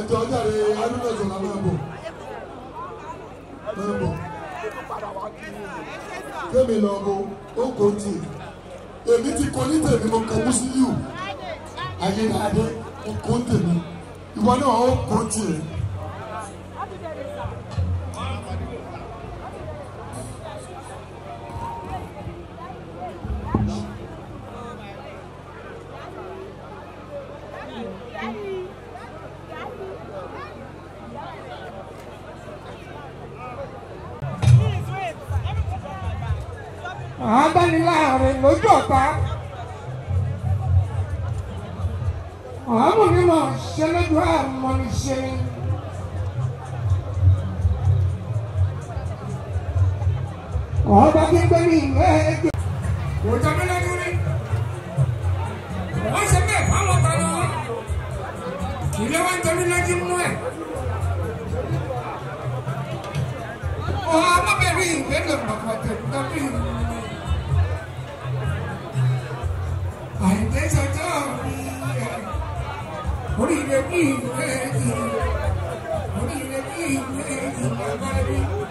ẹjọ jáde arúgbó ìṣọ̀lá máa bọ̀ máa bọ̀ kémi lọ bo ó kò tì èmi ti kọ ní tèmi mo kọ bùsí yìí ayé adé ó kò tèmi ìwọ náà ó kò tì í. àádániláàrin lójú ọ̀tá ọ̀hámùnímọ̀ ṣẹlẹ́dùá mọ̀nìṣẹ́ ni. ọba tí ń gbé ní ìlú ẹgbẹ́. kò jọ mí lẹ́nu rí wọ́n ṣe bẹ́ẹ̀ fáwọn ọ̀tá lọ ìlú wa ń jẹ mí mú ẹ̀. ọ̀hámùbẹ̀rẹ̀ ìgbẹ́ lè mọ̀kàn tẹ̀ ń tọ́lá. àìtẹ́sọ̀tọ̀ mi oríire bí ìwé ìwé oríire bí ìwé ìwé